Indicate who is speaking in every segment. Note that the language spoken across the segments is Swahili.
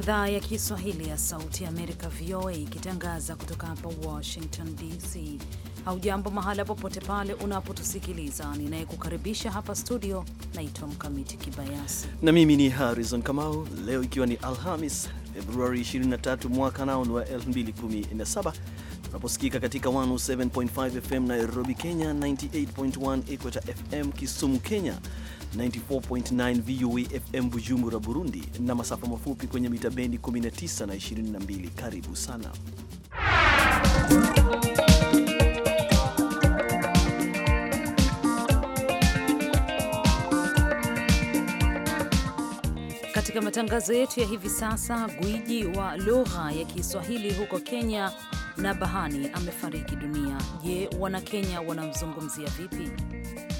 Speaker 1: idhaa ya Kiswahili ya Sauti ya Amerika, VOA, ikitangaza kutoka hapa Washington DC. Haujambo mahala popote pale unapotusikiliza. Ninayekukaribisha hapa studio naitwa Mkamiti
Speaker 2: Kibayasi na mimi ni Harrison Kamau. Leo ikiwa ni Alhamis Februari 23 mwaka nao ni wa 2017 tunaposikika katika 107.5 FM Nairobi, Kenya, 98.1 Equator FM Kisumu, Kenya, 94.9 VOA FM Bujumbura, Burundi na masafa mafupi kwenye mita bendi 19 na 22. Karibu sana.
Speaker 1: Katika matangazo yetu ya hivi sasa, gwiji wa lugha ya Kiswahili huko Kenya na bahani amefariki dunia. Je, Wanakenya wanamzungumzia vipi?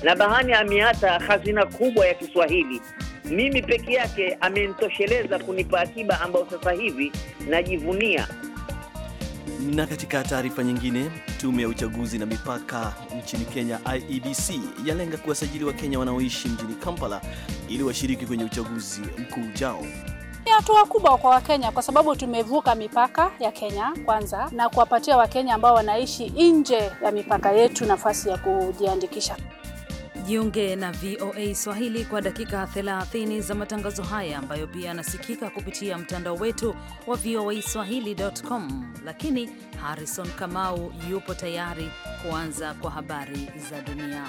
Speaker 3: na Bahani ameata hazina kubwa ya Kiswahili. Mimi peke yake amenitosheleza kunipa akiba ambayo sasa hivi najivunia.
Speaker 2: Na katika taarifa nyingine, tume ya uchaguzi na mipaka nchini Kenya IEBC yalenga kuwasajili Wakenya wanaoishi mjini Kampala ili washiriki kwenye uchaguzi mkuu ujao.
Speaker 1: Ni hatua kubwa kwa Wakenya kwa sababu tumevuka mipaka ya Kenya kwanza na kuwapatia Wakenya ambao wanaishi nje ya mipaka yetu nafasi ya kujiandikisha. Jiunge na VOA Swahili kwa dakika 30 za matangazo haya ambayo pia yanasikika kupitia mtandao wetu wa voa swahilicom Lakini Harrison Kamau yupo tayari kuanza kwa habari za dunia.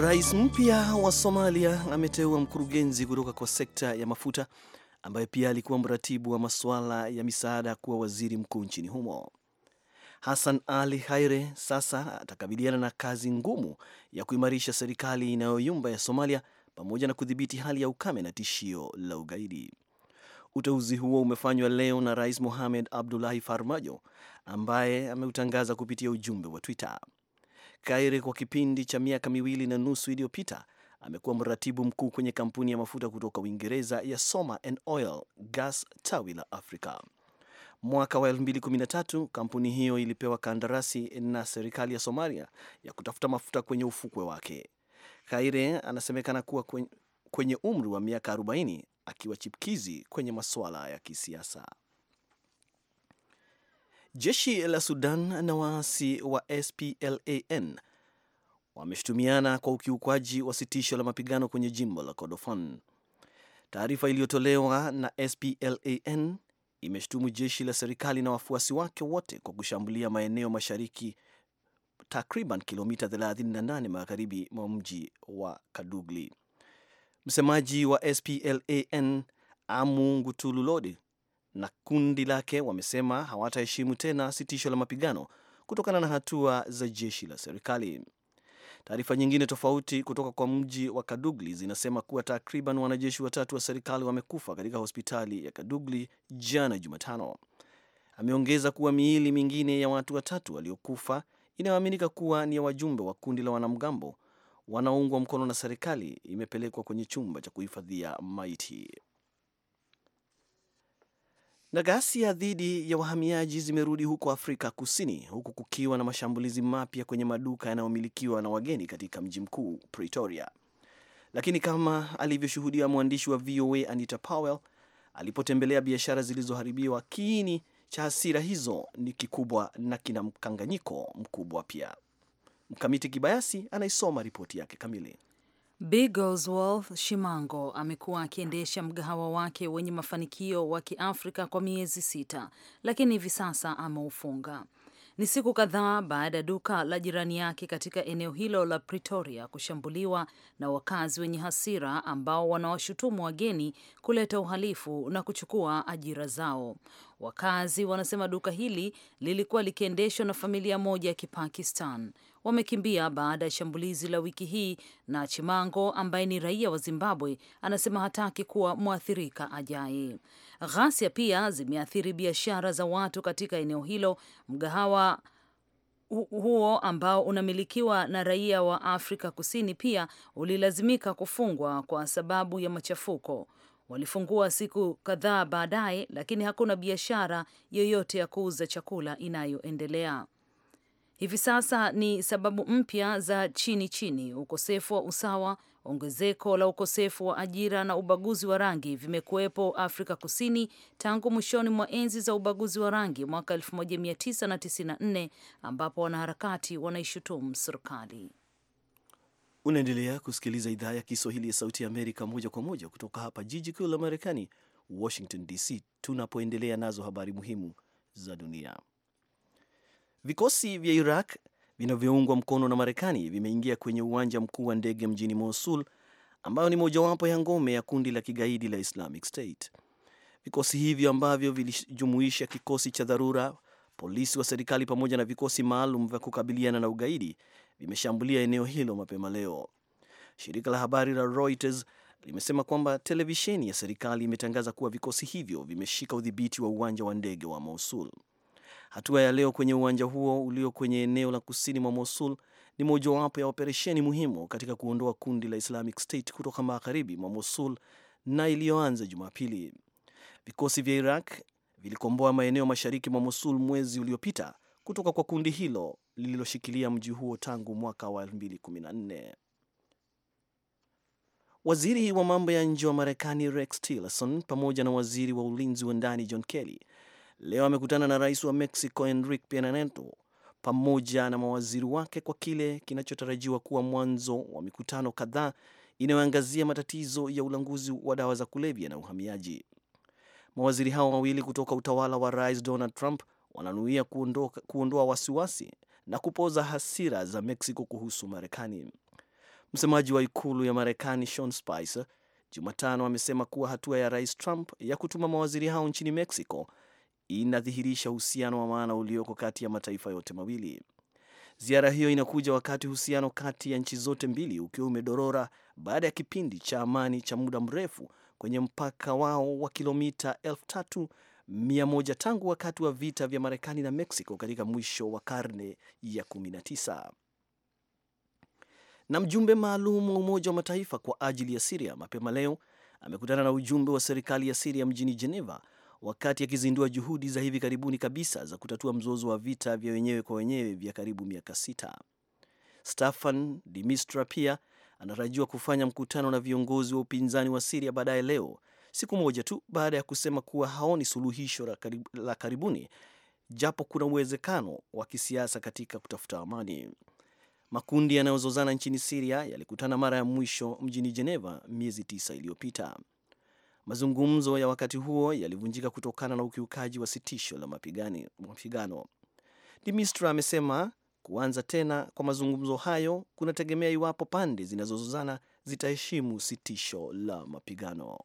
Speaker 2: Rais mpya wa Somalia ameteua mkurugenzi kutoka kwa sekta ya mafuta ambaye pia alikuwa mratibu wa masuala ya misaada kuwa waziri mkuu nchini humo. Hassan Ali Haire sasa atakabiliana na kazi ngumu ya kuimarisha serikali inayoyumba ya Somalia pamoja na kudhibiti hali ya ukame na tishio la ugaidi. Uteuzi huo umefanywa leo na Rais Mohamed Abdullahi Farmajo ambaye ameutangaza kupitia ujumbe wa Twitter. Kaire kwa kipindi cha miaka miwili na nusu iliyopita amekuwa mratibu mkuu kwenye kampuni ya mafuta kutoka Uingereza ya Soma and Oil Gas tawi la Afrika. Mwaka wa 2013 kampuni hiyo ilipewa kandarasi na serikali ya Somalia ya kutafuta mafuta kwenye ufukwe wake. Kaire anasemekana kuwa kwenye umri wa miaka 40 akiwa chipkizi kwenye masuala ya kisiasa. Jeshi la Sudan na waasi wa SPLAN wameshutumiana kwa ukiukwaji wa sitisho la mapigano kwenye jimbo la Kordofan. Taarifa iliyotolewa na SPLAN imeshutumu jeshi la serikali na wafuasi wake wote kwa kushambulia maeneo mashariki, takriban kilomita 38 magharibi mwa mji wa Kadugli. Msemaji wa SPLAN Amu Ngutululodi na kundi lake wamesema hawataheshimu tena sitisho la mapigano kutokana na hatua za jeshi la serikali. Taarifa nyingine tofauti kutoka kwa mji wa Kadugli zinasema kuwa takriban wanajeshi watatu wa serikali wamekufa katika hospitali ya Kadugli jana Jumatano. Ameongeza kuwa miili mingine ya watu watatu waliokufa inayoaminika kuwa ni ya wajumbe wa kundi la wanamgambo wanaoungwa mkono na serikali imepelekwa kwenye chumba cha kuhifadhia maiti. Na ghasia dhidi ya wahamiaji zimerudi huko Afrika Kusini, huku kukiwa na mashambulizi mapya kwenye maduka yanayomilikiwa na wageni katika mji mkuu Pretoria. Lakini kama alivyoshuhudia mwandishi wa VOA Anita Powell alipotembelea biashara zilizoharibiwa, kiini cha hasira hizo ni kikubwa na kina mkanganyiko mkubwa pia. Mkamiti Kibayasi anaisoma ripoti yake kamili.
Speaker 1: Bigos Wolf Shimango amekuwa akiendesha mgahawa wake wenye mafanikio wa Kiafrika kwa miezi sita, lakini hivi sasa ameufunga. Ni siku kadhaa baada ya duka la jirani yake katika eneo hilo la Pretoria kushambuliwa na wakazi wenye hasira ambao wanawashutumu wageni kuleta uhalifu na kuchukua ajira zao. Wakazi wanasema duka hili lilikuwa likiendeshwa na familia moja ya Kipakistan wamekimbia baada ya shambulizi la wiki hii, na Chimango ambaye ni raia wa Zimbabwe anasema hataki kuwa mwathirika ajaye. Ghasia pia zimeathiri biashara za watu katika eneo hilo. Mgahawa huo ambao unamilikiwa na raia wa Afrika Kusini pia ulilazimika kufungwa kwa sababu ya machafuko. Walifungua siku kadhaa baadaye, lakini hakuna biashara yoyote ya kuuza chakula inayoendelea. Hivi sasa ni sababu mpya za chini chini, ukosefu wa usawa, ongezeko la ukosefu wa ajira na ubaguzi wa rangi vimekuwepo Afrika Kusini tangu mwishoni mwa enzi za ubaguzi wa rangi mwaka 1994 ambapo wanaharakati wanaishutumu serikali.
Speaker 2: Unaendelea kusikiliza idhaa ya Kiswahili ya Sauti ya Amerika moja kwa moja kutoka hapa jiji kuu la Marekani, Washington DC, tunapoendelea nazo habari muhimu za dunia. Vikosi vya Iraq vinavyoungwa mkono na Marekani vimeingia kwenye uwanja mkuu wa ndege mjini Mosul, ambayo ni mojawapo ya ngome ya kundi la kigaidi la Islamic State. Vikosi hivyo ambavyo vilijumuisha kikosi cha dharura, polisi wa serikali pamoja na vikosi maalum vya kukabiliana na ugaidi vimeshambulia eneo hilo mapema leo. Shirika la habari la Reuters limesema kwamba televisheni ya serikali imetangaza kuwa vikosi hivyo vimeshika udhibiti wa uwanja wa ndege wa Mosul. Hatua ya leo kwenye uwanja huo ulio kwenye eneo la kusini mwa Mosul ni mojawapo ya operesheni muhimu katika kuondoa kundi la Islamic State kutoka magharibi mwa Mosul na iliyoanza Jumapili. Vikosi vya Iraq vilikomboa maeneo mashariki mwa Mosul mwezi uliopita kutoka kwa kundi hilo lililoshikilia mji huo tangu mwaka wa 2014. Waziri wa mambo ya nje wa Marekani Rex Tillerson pamoja na waziri wa ulinzi wa ndani John Kelly leo amekutana na rais wa Mexico Enrique Pena Nieto pamoja na mawaziri wake kwa kile kinachotarajiwa kuwa mwanzo wa mikutano kadhaa inayoangazia matatizo ya ulanguzi wa dawa za kulevya na uhamiaji. Mawaziri hao wawili kutoka utawala wa rais Donald Trump wananuia kuondoa wasiwasi na kupoza hasira za Mexico kuhusu Marekani. Msemaji wa ikulu ya Marekani Sean Spicer Jumatano amesema kuwa hatua ya Rais Trump ya kutuma mawaziri hao nchini Mexico inadhihirisha uhusiano wa maana ulioko kati ya mataifa yote mawili. Ziara hiyo inakuja wakati uhusiano kati ya nchi zote mbili ukiwa umedorora baada ya kipindi cha amani cha muda mrefu kwenye mpaka wao wa kilomita elfu tatu 100 tangu wakati wa vita vya Marekani na Mexico katika mwisho wa karne ya 19. Na mjumbe maalum wa Umoja wa Mataifa kwa ajili ya Siria mapema leo amekutana na ujumbe wa serikali ya Siria mjini Geneva wakati akizindua juhudi za hivi karibuni kabisa za kutatua mzozo wa vita vya wenyewe kwa wenyewe vya karibu miaka sita. Staffan de Mistura pia anatarajiwa kufanya mkutano na viongozi wa upinzani wa Siria baadaye leo siku moja tu baada ya kusema kuwa haoni suluhisho la karibuni, japo kuna uwezekano wa kisiasa katika kutafuta amani. Makundi yanayozozana nchini Siria yalikutana mara ya mwisho mjini Jeneva miezi tisa iliyopita. Mazungumzo ya wakati huo yalivunjika kutokana na ukiukaji wa sitisho la mapigano. Dimistra amesema kuanza tena kwa mazungumzo hayo kunategemea iwapo pande zinazozozana zitaheshimu sitisho la mapigano.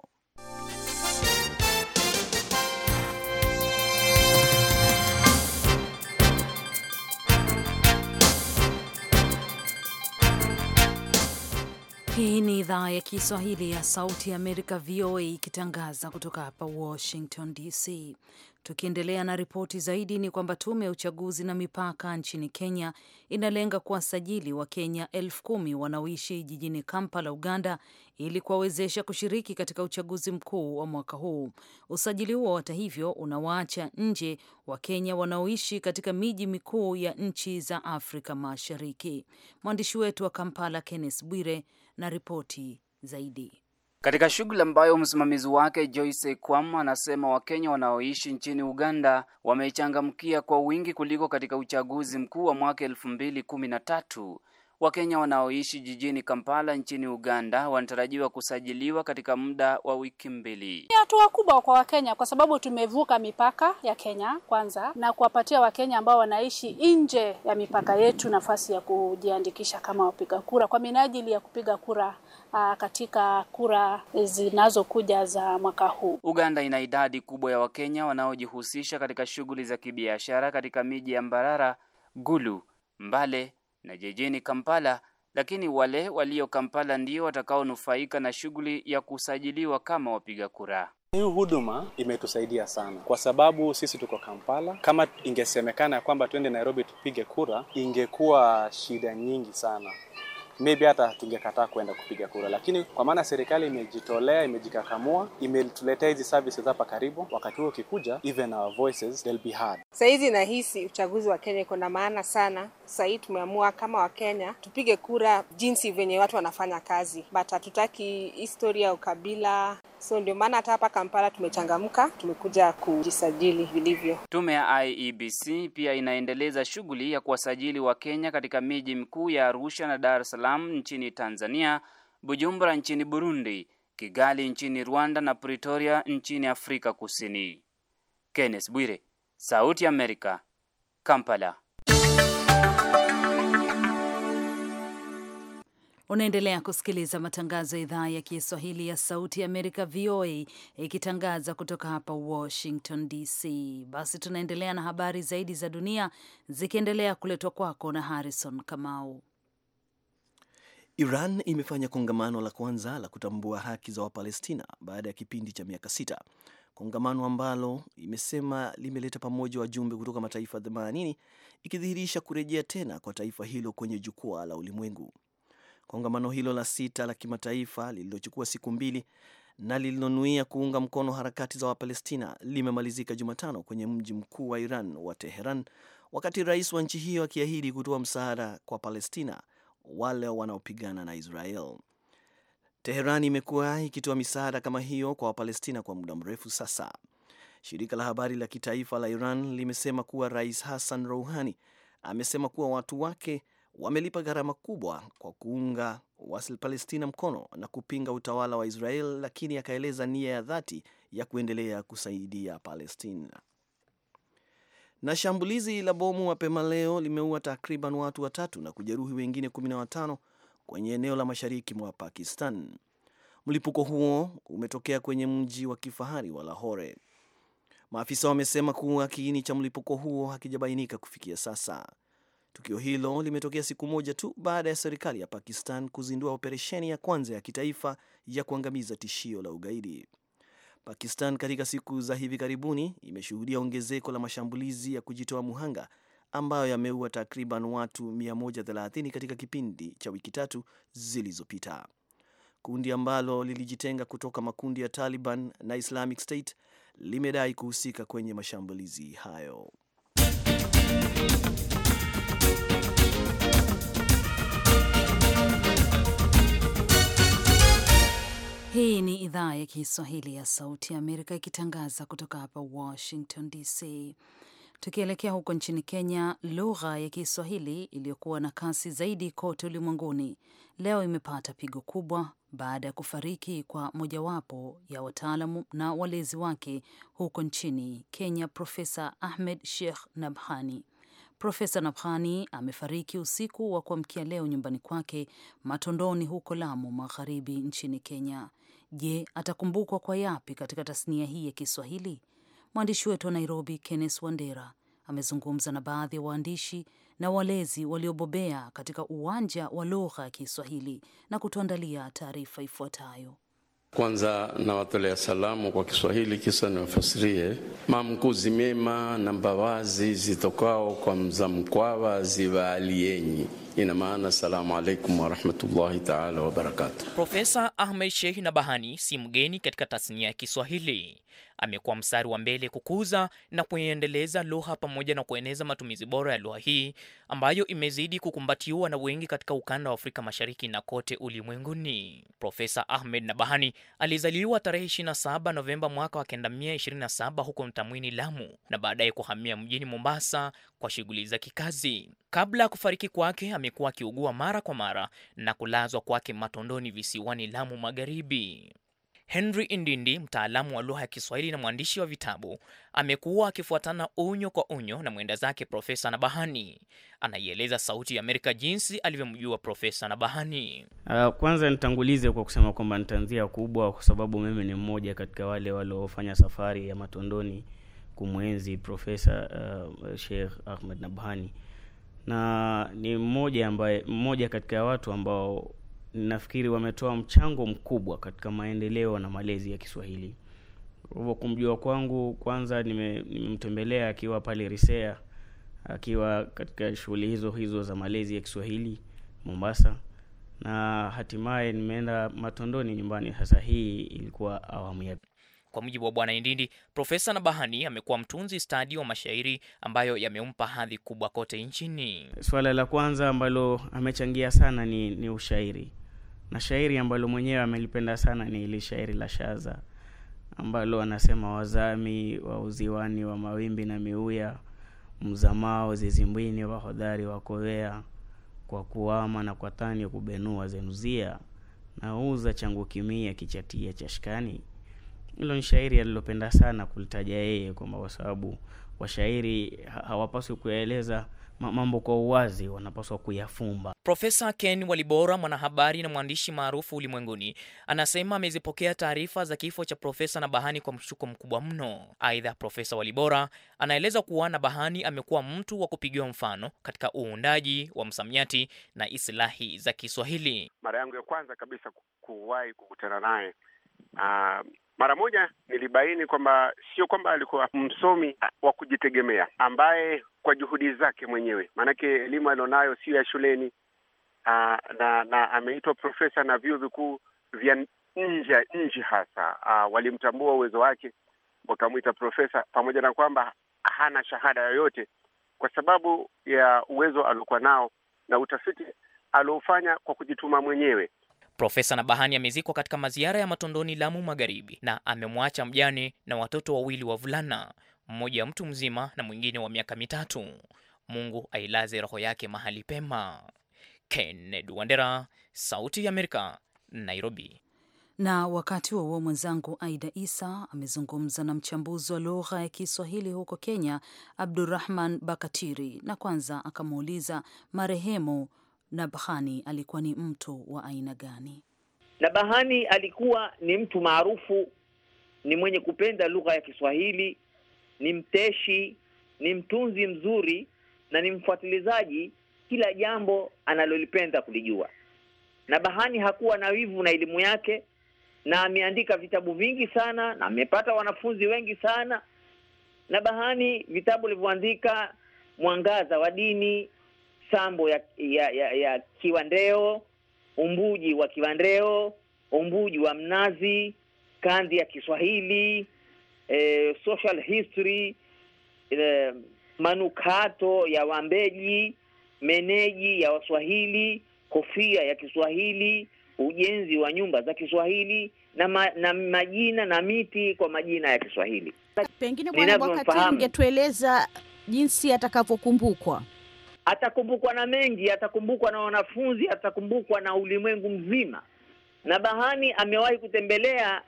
Speaker 1: Hii ni idhaa ya Kiswahili ya Sauti ya Amerika, VOA, ikitangaza kutoka hapa Washington DC. Tukiendelea na ripoti zaidi, ni kwamba tume ya uchaguzi na mipaka nchini Kenya inalenga kuwasajili Wakenya elfu kumi wanaoishi jijini Kampala, Uganda, ili kuwawezesha kushiriki katika uchaguzi mkuu wa mwaka huu. Usajili huo hata hivyo unawaacha nje Wakenya wanaoishi katika miji mikuu ya nchi za Afrika Mashariki. Mwandishi wetu wa Kampala, Kenneth Bwire na ripoti zaidi.
Speaker 4: Katika shughuli ambayo msimamizi wake Joyce quam anasema Wakenya wanaoishi nchini Uganda wamechangamkia kwa wingi kuliko katika uchaguzi mkuu wa mwaka elfu mbili kumi na tatu Wakenya wanaoishi jijini Kampala nchini Uganda wanatarajiwa kusajiliwa katika muda wa wiki mbili.
Speaker 1: Ni hatua kubwa kwa Wakenya kwa sababu tumevuka mipaka ya Kenya kwanza na kuwapatia Wakenya ambao wanaishi nje ya mipaka yetu nafasi ya kujiandikisha kama wapiga kura kwa minajili ya kupiga kura a, ah, katika kura zinazokuja za mwaka huu.
Speaker 4: Uganda ina idadi kubwa ya Wakenya wanaojihusisha katika shughuli za kibiashara katika miji ya Mbarara, Gulu, Mbale na jijini Kampala, lakini wale walio Kampala ndio watakaonufaika na shughuli ya kusajiliwa kama wapiga kura.
Speaker 5: Hii huduma imetusaidia sana kwa sababu sisi tuko Kampala. Kama ingesemekana ya kwamba twende Nairobi tupige kura, ingekuwa shida nyingi sana maybe hata tungekataa kwenda kupiga kura, lakini kwa maana serikali imejitolea, imejikakamua, imetuletea hizi services hapa karibu, wakati huo ukikuja, even our voices they'll be heard.
Speaker 6: Sasa hizi nahisi uchaguzi wa Kenya iko na maana sana. Sasa hii tumeamua kama Wakenya tupige kura jinsi venye watu wanafanya kazi, but hatutaki historia ya ukabila So ndio maana hata hapa Kampala tumechangamka, tumekuja kujisajili vilivyo.
Speaker 4: Tume ya IEBC pia inaendeleza shughuli ya kuwasajili wa kenya katika miji mkuu ya Arusha na Dar es Salaam nchini Tanzania, Bujumbura nchini Burundi, Kigali nchini Rwanda na Pretoria nchini Afrika Kusini. Kenneth Bwire, Sauti ya Amerika, Kampala.
Speaker 1: Unaendelea kusikiliza matangazo ya idhaa ya Kiswahili ya Sauti ya Amerika, VOA, ikitangaza kutoka hapa Washington DC. Basi tunaendelea na habari zaidi za dunia zikiendelea kuletwa kwako na Harrison Kamau.
Speaker 2: Iran imefanya kongamano la kwanza la kutambua haki za Wapalestina baada ya kipindi cha miaka sita, kongamano ambalo imesema limeleta pamoja wajumbe kutoka mataifa 80 ikidhihirisha kurejea tena kwa taifa hilo kwenye jukwaa la ulimwengu kongamano hilo la sita la kimataifa lililochukua siku mbili na lililonuia kuunga mkono harakati za Wapalestina limemalizika Jumatano kwenye mji mkuu wa Iran wa Teheran, wakati rais wa nchi hiyo akiahidi kutoa msaada kwa Palestina wale wanaopigana na Israel. Teheran imekuwa ikitoa misaada kama hiyo kwa Wapalestina kwa muda mrefu sasa. Shirika la habari la kitaifa la Iran limesema kuwa Rais Hassan Rouhani amesema kuwa watu wake wamelipa gharama kubwa kwa kuunga Wapalestina mkono na kupinga utawala wa Israel, lakini akaeleza nia ya dhati ya kuendelea kusaidia Palestina. Na shambulizi la bomu mapema leo limeua takriban watu watatu na kujeruhi wengine 15 kwenye eneo la mashariki mwa Pakistan. Mlipuko huo umetokea kwenye mji wa kifahari wa Lahore. Maafisa wamesema kuwa kiini cha mlipuko huo hakijabainika kufikia sasa. Tukio hilo limetokea siku moja tu baada ya serikali ya Pakistan kuzindua operesheni ya kwanza ya kitaifa ya kuangamiza tishio la ugaidi. Pakistan katika siku za hivi karibuni imeshuhudia ongezeko la mashambulizi ya kujitoa muhanga ambayo yameua takriban watu 130 katika kipindi cha wiki tatu zilizopita. Kundi ambalo lilijitenga kutoka makundi ya Taliban na Islamic State limedai kuhusika kwenye mashambulizi hayo.
Speaker 1: Hii ni idhaa ya Kiswahili ya Sauti ya Amerika ikitangaza kutoka hapa Washington DC. Tukielekea huko nchini Kenya, lugha ya Kiswahili iliyokuwa na kasi zaidi kote ulimwenguni leo imepata pigo kubwa baada ya kufariki kwa mojawapo ya wataalamu na walezi wake huko nchini Kenya, Profesa Ahmed Sheikh Nabhani. Profesa Nabhani amefariki usiku wa kuamkia leo nyumbani kwake Matondoni huko Lamu Magharibi nchini Kenya. Je, atakumbukwa kwa yapi katika tasnia hii ya Kiswahili? Mwandishi wetu wa Nairobi, Kenneth Wandera, amezungumza na baadhi ya waandishi na walezi waliobobea katika uwanja wa lugha ya Kiswahili na kutuandalia taarifa ifuatayo.
Speaker 5: Kwanza nawatolea salamu kwa Kiswahili kisa niwafasirie mamkuzi mema na mbawazi zitokao kwa mzamkwawa zivaalienyi ina maana assalamu alaikum warahmatullahi taala wabarakatu.
Speaker 7: Profesa Ahmed Sheikh Nabahani si mgeni katika tasnia ya Kiswahili. Amekuwa mstari wa mbele kukuza na kuiendeleza lugha pamoja na kueneza matumizi bora ya lugha hii ambayo imezidi kukumbatiwa na wengi katika ukanda wa Afrika Mashariki na kote ulimwenguni. Profesa Ahmed Nabahani alizaliwa tarehe 27 Novemba mwaka wa 1927 huko Mtamwini, Lamu, na baadaye kuhamia mjini Mombasa kwa shughuli za kikazi. Kabla ya kufariki kwake amekuwa akiugua mara kwa mara na kulazwa kwake matondoni visiwani Lamu Magharibi. Henry Indindi, mtaalamu wa lugha ya Kiswahili na mwandishi wa vitabu, amekuwa akifuatana unyo kwa unyo na mwenda zake Profesa Nabahani. Anaieleza Sauti ya Amerika jinsi alivyomjua Profesa Nabahani.
Speaker 8: Uh, kwanza nitangulize kwa kusema kwamba nitanzia kubwa, kwa sababu mimi ni mmoja katika wale waliofanya safari ya matondoni kumwenzi Profesa uh, Sheikh Ahmed Nabahani na ni mmoja ambaye mmoja katika ya watu ambao nafikiri wametoa mchango mkubwa katika maendeleo na malezi ya Kiswahili. Kwa hivyo kumjua kwangu, kwanza nimemtembelea akiwa pale Risea, akiwa katika shughuli hizo hizo za malezi ya Kiswahili Mombasa, na hatimaye nimeenda Matondoni nyumbani. Sasa hii ilikuwa awamu ya
Speaker 7: kwa mujibu wa Bwana Indindi, Profesa Nabahani amekuwa mtunzi stadi wa mashairi ambayo yamempa hadhi kubwa kote nchini.
Speaker 8: Suala la kwanza ambalo amechangia sana ni, ni ushairi na shairi ambalo mwenyewe amelipenda sana ni ili shairi la shaza ambalo anasema: wazami wa uziwani wa mawimbi na miuya, mzamao zizimbwini wa wa wakowea, kwa kuama na kwa tani kubenua zenuzia, nauza changu kimia kichatia chashkani hilo ni shairi alilopenda sana kulitaja yeye, kwamba kwa sababu washairi hawapaswi kuyaeleza mambo kwa uwazi, wanapaswa kuyafumba.
Speaker 7: Profesa Ken Walibora, mwanahabari na mwandishi maarufu ulimwenguni, anasema amezipokea taarifa za kifo cha Profesa Nabahani kwa mshuko mkubwa mno. Aidha, Profesa Walibora anaeleza kuwa Nabahani amekuwa mtu wa kupigiwa mfano katika uundaji wa msamiati na islahi za Kiswahili.
Speaker 5: Mara yangu ya kwanza kabisa kuwahi kukutana naye mara moja nilibaini kwamba sio kwamba alikuwa msomi wa kujitegemea ambaye kwa juhudi zake mwenyewe, maanake elimu alionayo sio ya shuleni aa, ah, na, na ameitwa profesa na vyuo vikuu vya nje ya hasa ah, walimtambua uwezo wake wakamwita profesa, pamoja na kwamba hana shahada yoyote, kwa sababu ya uwezo aliokuwa nao na utafiti aliofanya kwa kujituma mwenyewe.
Speaker 7: Profesa Nabahani amezikwa katika maziara ya Matondoni, Lamu Magharibi, na amemwacha mjane na watoto wawili wavulana, mmoja mtu mzima na mwingine wa miaka mitatu. Mungu ailaze roho yake mahali pema. Kennedy Wandera, Sauti ya Amerika, Nairobi.
Speaker 1: Na wakati wa huo mwenzangu Aida Isa amezungumza na mchambuzi wa lugha ya Kiswahili huko Kenya, Abdurrahman Bakatiri, na kwanza akamuuliza marehemu Nabhani alikuwa ni mtu wa aina gani?
Speaker 3: Nabhani alikuwa ni mtu maarufu, ni mwenye kupenda lugha ya Kiswahili, ni mteshi, ni mtunzi mzuri na ni mfuatilizaji. Kila jambo analolipenda kulijua. Nabhani hakuwa na wivu na elimu yake, na ameandika vitabu vingi sana na amepata wanafunzi wengi sana. Nabhani vitabu alivyoandika, mwangaza wa dini sambo ya, ya, ya, ya kiwandeo, umbuji wa kiwandeo, umbuji wa mnazi, kandi ya Kiswahili, eh, social history eh, manukato ya Wambeji, meneji ya Waswahili, kofia ya Kiswahili, ujenzi wa nyumba za Kiswahili na, ma, na majina na miti kwa majina ya Kiswahili. Pengine kwa wakati
Speaker 6: ungetueleza jinsi atakavyokumbukwa
Speaker 3: atakumbukwa na mengi, atakumbukwa na wanafunzi, atakumbukwa na ulimwengu mzima. Na Bahani amewahi kutembelea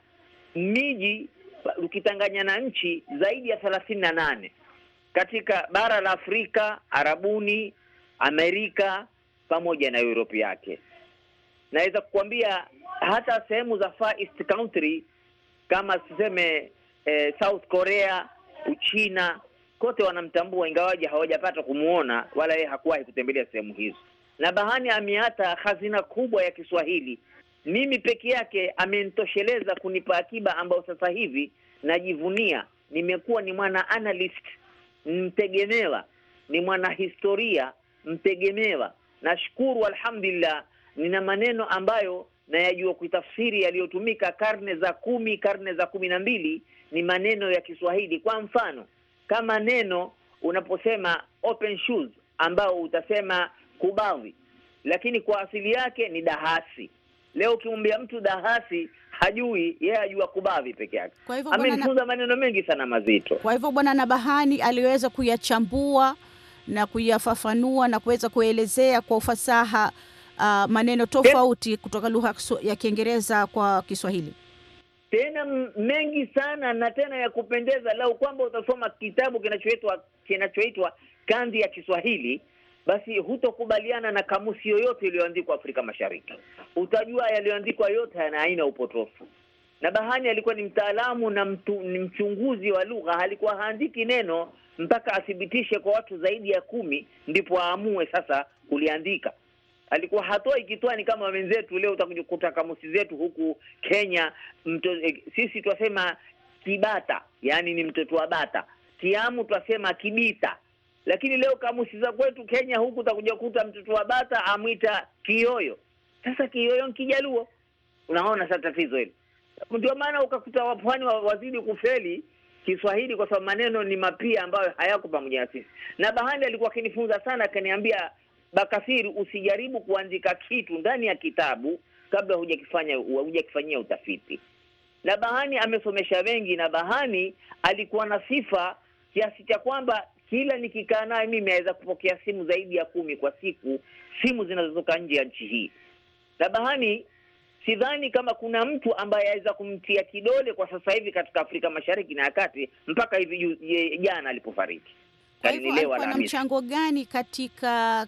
Speaker 3: miji ukitanganya na nchi zaidi ya thelathini na nane katika bara la Afrika, Arabuni, Amerika pamoja na Europe yake. Naweza kukwambia hata sehemu za Far East country kama tuseme eh, South Korea, Uchina kote wanamtambua, ingawaje hawajapata kumwona wala yeye hakuwahi kutembelea sehemu hizo. Na Bahani ameata hazina kubwa ya Kiswahili. Mimi peke yake amenitosheleza kunipa akiba ambayo sasa hivi najivunia. Nimekuwa ni mwana analyst mtegemewa, ni mwana historia mtegemewa. Nashukuru, alhamdulillah, nina maneno ambayo nayajua kuitafsiri yaliyotumika karne za kumi, karne za kumi na mbili, ni maneno ya Kiswahili. Kwa mfano, kama neno unaposema open shoes ambao utasema kubavi lakini kwa asili yake ni dahasi leo ukimwambia mtu dahasi hajui yeye ajua kubavi peke yake amefunza na... maneno mengi sana mazito
Speaker 6: kwa hivyo bwana Nabahani aliweza kuyachambua na kuyafafanua na kuweza kuelezea kwa ufasaha uh, maneno tofauti kutoka lugha ya Kiingereza kwa Kiswahili
Speaker 3: tena mengi sana na tena ya kupendeza, lau kwamba utasoma kitabu kinachoitwa kinachoitwa Kanzi ya Kiswahili, basi hutokubaliana na kamusi yoyote iliyoandikwa Afrika Mashariki. Utajua yaliyoandikwa yote yana aina upotofu. Na Bahani alikuwa ni mtaalamu na mtu, ni mchunguzi wa lugha. Alikuwa haandiki neno mpaka athibitishe kwa watu zaidi ya kumi, ndipo aamue sasa kuliandika alikuwa hatoa ikitwani kama wenzetu leo. Utakuta kamusi zetu huku Kenya mto, e, sisi twasema kibata, yani ni mtoto wa bata. Kiamu twasema kibita, lakini leo kamusi za kwetu Kenya huku utakuja mtoto wa bata amwita kioyo. Sasa kioyo nkijaluo, unaona sasa tatizo hili. Ndio maana ukakuta wapwani wazidi kufeli Kiswahili kwa sababu maneno ni mapia ambayo hayako pamoja na sisi. Na bahani alikuwa akinifunza sana, akaniambia Bakasiri, usijaribu kuandika kitu ndani ya kitabu kabla hujakifanya hujakifanyia utafiti. Na Bahani amesomesha wengi, na Bahani alikuwa na sifa kiasi cha kwamba kila nikikaa naye mimi aweza kupokea simu zaidi ya kumi kwa siku, simu zinazotoka nje ya nchi hii. Na Bahani sidhani kama kuna mtu ambaye aweza kumtia kidole kwa sasa hivi katika Afrika Mashariki na ya Kati mpaka hivi jana alipofariki. Kwa hivyo alikuwa na
Speaker 6: mchango gani katika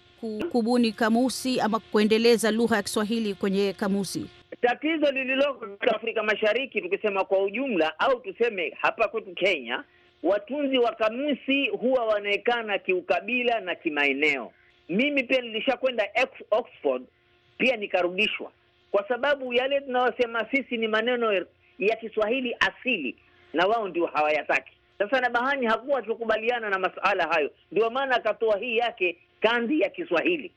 Speaker 6: kubuni kamusi ama kuendeleza lugha ya Kiswahili kwenye kamusi?
Speaker 3: Tatizo lililoko Afrika Mashariki tukisema kwa ujumla, au tuseme hapa kwetu Kenya, watunzi wa kamusi huwa wanaekana kiukabila na kimaeneo. Mimi pia nilishakwenda Oxford pia nikarudishwa, kwa sababu yale tunayosema sisi ni maneno ya Kiswahili asili na wao ndio hawayataki. Sasa na bahani hakuwa tukubaliana na masala hayo, ndio maana akatoa hii yake kandi ya Kiswahili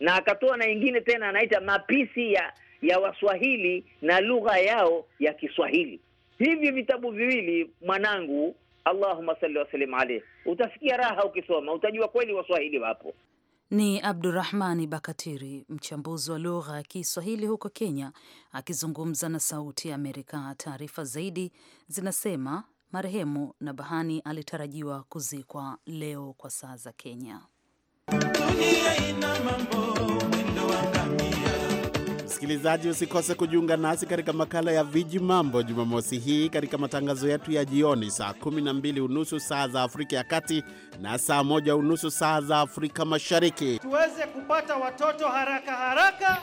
Speaker 3: na akatoa na ingine tena anaita mapisi ya ya Waswahili na lugha yao ya Kiswahili. Hivi vitabu viwili mwanangu, Allahumma salli wasallim alayhi, utasikia raha ukisoma, utajua kweli Waswahili wapo.
Speaker 1: Ni Abdurahmani Bakatiri, mchambuzi wa lugha ya Kiswahili huko Kenya, akizungumza na Sauti ya Amerika. Taarifa zaidi zinasema Marehemu Nabahani alitarajiwa kuzikwa leo kwa saa za Kenya.
Speaker 5: Msikilizaji, usikose kujiunga nasi katika makala ya Viji Mambo Jumamosi hii katika matangazo yetu ya jioni saa kumi na mbili unusu saa za Afrika ya Kati na saa moja unusu saa za Afrika Mashariki, tuweze kupata watoto haraka haraka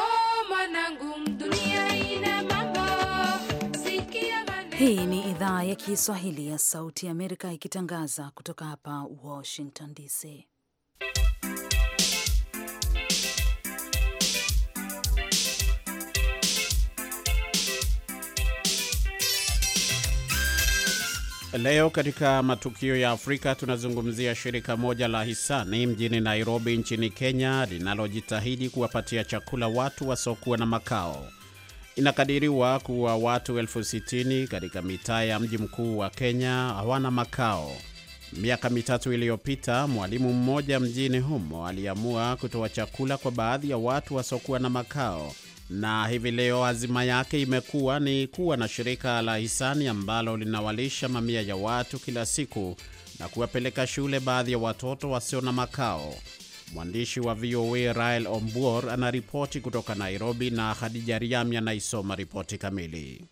Speaker 4: Hii
Speaker 1: ni idhaa ya Kiswahili ya Sauti ya Amerika ikitangaza kutoka hapa Washington DC.
Speaker 5: Leo katika matukio ya Afrika tunazungumzia shirika moja la hisani mjini Nairobi nchini Kenya linalojitahidi kuwapatia chakula watu wasiokuwa na makao. Inakadiriwa kuwa watu elfu sitini katika mitaa ya mji mkuu wa Kenya hawana makao. Miaka mitatu iliyopita, mwalimu mmoja mjini humo aliamua kutoa chakula kwa baadhi ya watu wasiokuwa na makao, na hivi leo azima yake imekuwa ni kuwa na shirika la hisani ambalo linawalisha mamia ya watu kila siku na kuwapeleka shule baadhi ya watoto wasio na makao. Mwandishi wa VOA Rael Ombuor anaripoti kutoka Nairobi na Khadija Riami anaisoma ripoti kamili.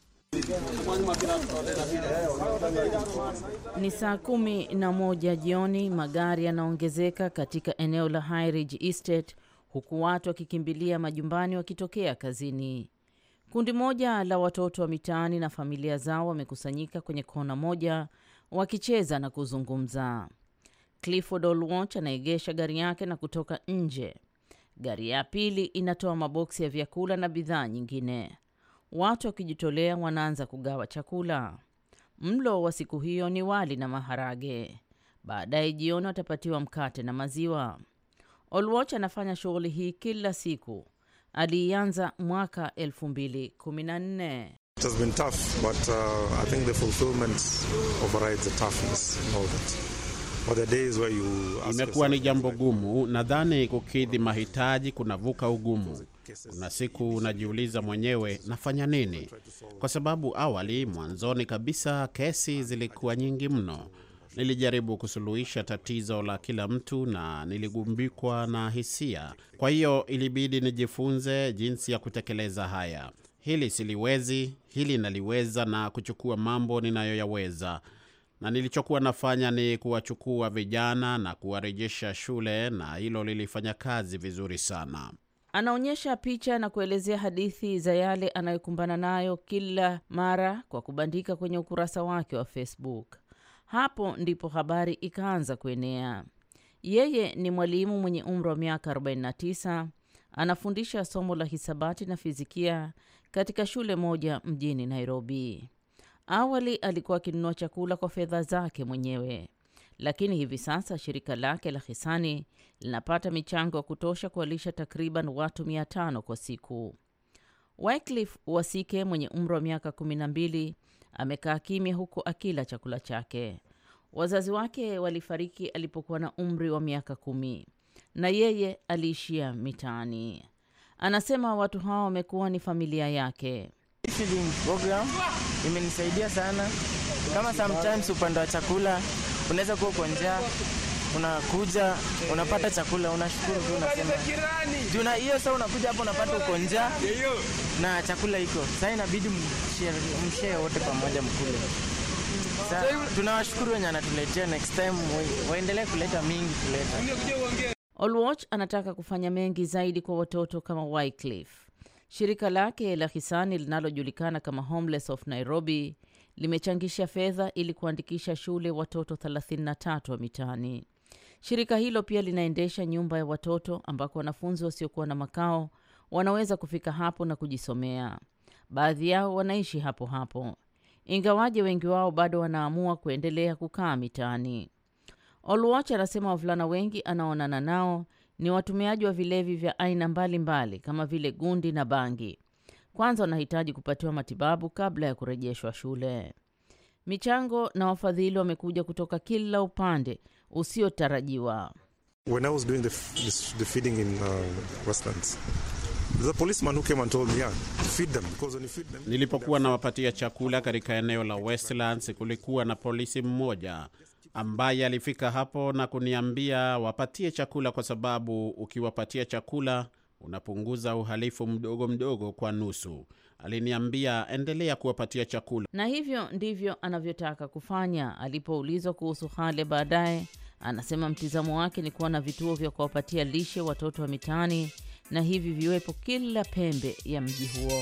Speaker 6: Ni saa kumi na moja jioni, magari yanaongezeka katika eneo la High Ridge Estate, huku watu wakikimbilia majumbani wakitokea kazini. Kundi moja la watoto wa mitaani na familia zao wamekusanyika kwenye kona moja wakicheza na kuzungumza. Clifford Oluoch anaegesha gari yake na kutoka nje. Gari ya pili inatoa maboksi ya vyakula na bidhaa nyingine. Watu wakijitolea wanaanza kugawa chakula. Mlo wa siku hiyo ni wali na maharage. Baadaye jioni watapatiwa mkate na maziwa. Olwoch anafanya shughuli hii kila siku. Aliianza mwaka 2014.
Speaker 5: Imekuwa ni jambo gumu. Nadhani kukidhi mahitaji kunavuka ugumu. Kuna siku unajiuliza mwenyewe nafanya nini, kwa sababu awali, mwanzoni kabisa, kesi zilikuwa nyingi mno. Nilijaribu kusuluhisha tatizo la kila mtu na niligumbikwa na hisia. Kwa hiyo ilibidi nijifunze jinsi ya kutekeleza haya. Hili siliwezi, hili naliweza, na kuchukua mambo ninayoyaweza na nilichokuwa nafanya ni kuwachukua vijana na kuwarejesha shule, na hilo lilifanya kazi vizuri sana.
Speaker 6: Anaonyesha picha na kuelezea hadithi za yale anayokumbana nayo kila mara kwa kubandika kwenye ukurasa wake wa Facebook. Hapo ndipo habari ikaanza kuenea. Yeye ni mwalimu mwenye umri wa miaka 49, anafundisha somo la hisabati na fizikia katika shule moja mjini Nairobi. Awali alikuwa akinunua chakula kwa fedha zake mwenyewe, lakini hivi sasa shirika lake la hisani linapata michango ya kutosha kuwalisha takriban watu mia tano kwa siku. Wycliffe Wasike mwenye umri wa miaka kumi na mbili amekaa kimya huku akila chakula chake. Wazazi wake walifariki alipokuwa na umri wa miaka kumi na yeye aliishia mitaani. Anasema watu hawa wamekuwa ni familia yake imenisaidia
Speaker 8: sana. Kama sometimes upande wa chakula unaweza kuwa kwa njia unakuja unapata chakula, unashukuru tu, unasema juna hiyo. Sasa unakuja hapo unapata uko njaa na chakula iko sasa, inabidi mshare wote pamoja mkule. Sasa tunawashukuru wenye anatuletea, next time waendelee kuleta
Speaker 6: mingi,
Speaker 3: kuleta
Speaker 6: Allwatch anataka kufanya mengi zaidi kwa watoto kama Wycliffe. Shirika lake la hisani linalojulikana kama Homeless of Nairobi limechangisha fedha ili kuandikisha shule watoto 33 wa mitaani. Shirika hilo pia linaendesha nyumba ya watoto ambako wanafunzi wasiokuwa na makao wanaweza kufika hapo na kujisomea. Baadhi yao wanaishi hapo hapo, ingawaje wengi wao bado wanaamua kuendelea kukaa mitaani. Olwach anasema wavulana wengi anaonana nao ni watumiaji wa vilevi vya aina mbalimbali kama vile gundi na bangi. Kwanza wanahitaji kupatiwa matibabu kabla ya kurejeshwa shule. Michango na wafadhili wamekuja kutoka kila upande usiotarajiwa.
Speaker 5: Uh, Nilipokuwa nawapatia chakula katika eneo la Westlands, kulikuwa na polisi mmoja ambaye alifika hapo na kuniambia wapatie chakula, kwa sababu ukiwapatia chakula unapunguza uhalifu mdogo mdogo kwa nusu. Aliniambia endelea kuwapatia chakula,
Speaker 6: na hivyo ndivyo anavyotaka kufanya. Alipoulizwa kuhusu hali baadaye, anasema mtizamo wake ni kuwa na vituo vya kuwapatia lishe watoto wa mitaani na hivi viwepo kila pembe ya mji huo.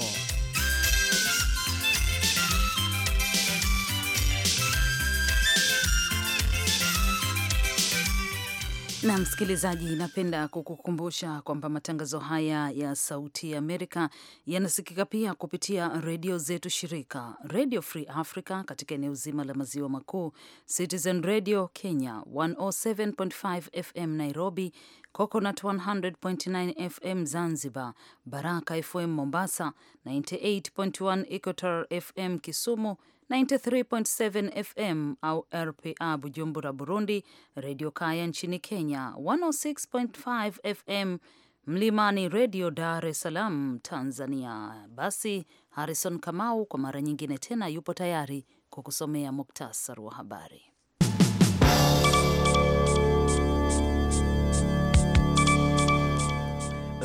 Speaker 1: Na msikilizaji, napenda kukukumbusha kwamba matangazo haya ya Sauti ya Amerika yanasikika pia kupitia redio zetu shirika, redio Free Africa katika eneo zima la maziwa makuu, Citizen Radio Kenya 107.5 FM Nairobi, Coconut 100.9 FM Zanzibar, Baraka FM Mombasa 98.1, Equator FM Kisumu 93.7 FM au RPA Bujumbura, Burundi, Redio Kaya nchini Kenya, 106.5 FM Mlimani Redio Dar es Salaam, Tanzania. Basi Harrison Kamau kwa mara nyingine tena yupo tayari kukusomea muktasari wa habari.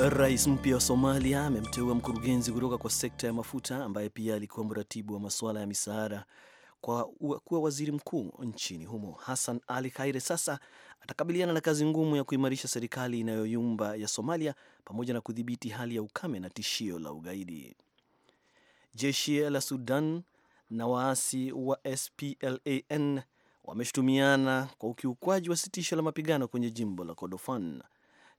Speaker 2: Rais mpya wa Somalia amemteua mkurugenzi kutoka kwa sekta ya mafuta ambaye pia alikuwa mratibu wa masuala ya misaada kwa kuwa waziri mkuu nchini humo. Hassan Ali Khaire sasa atakabiliana na kazi ngumu ya kuimarisha serikali inayoyumba ya Somalia pamoja na kudhibiti hali ya ukame na tishio la ugaidi. Jeshi la Sudan na waasi wa SPLAN wameshutumiana kwa ukiukwaji wa sitisho la mapigano kwenye jimbo la Kordofan.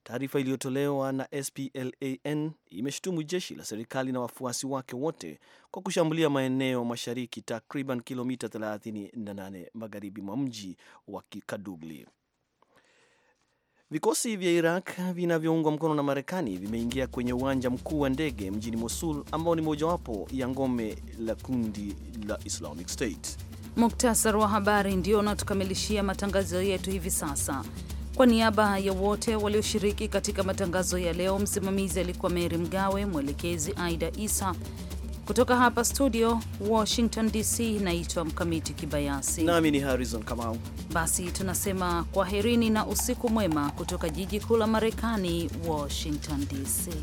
Speaker 2: Taarifa iliyotolewa na SPLAN imeshutumu jeshi la serikali na wafuasi wake wote kwa kushambulia maeneo mashariki, takriban kilomita 38 magharibi mwa mji wa Kikadugli. Vikosi vya Iraq vinavyoungwa mkono na Marekani vimeingia kwenye uwanja mkuu wa ndege mjini Mosul ambao ni mojawapo ya ngome la kundi la Islamic State.
Speaker 1: Muktasar wa habari ndio unatukamilishia matangazo yetu hivi sasa. Kwa niaba ya wote walioshiriki katika matangazo ya leo, msimamizi alikuwa Meri Mgawe, mwelekezi Aida Isa. Kutoka hapa studio Washington DC, naitwa Mkamiti Kibayasi
Speaker 2: nami ni Harrison Kamau.
Speaker 1: Basi tunasema kwaherini na usiku mwema kutoka jiji kuu la Marekani, Washington DC.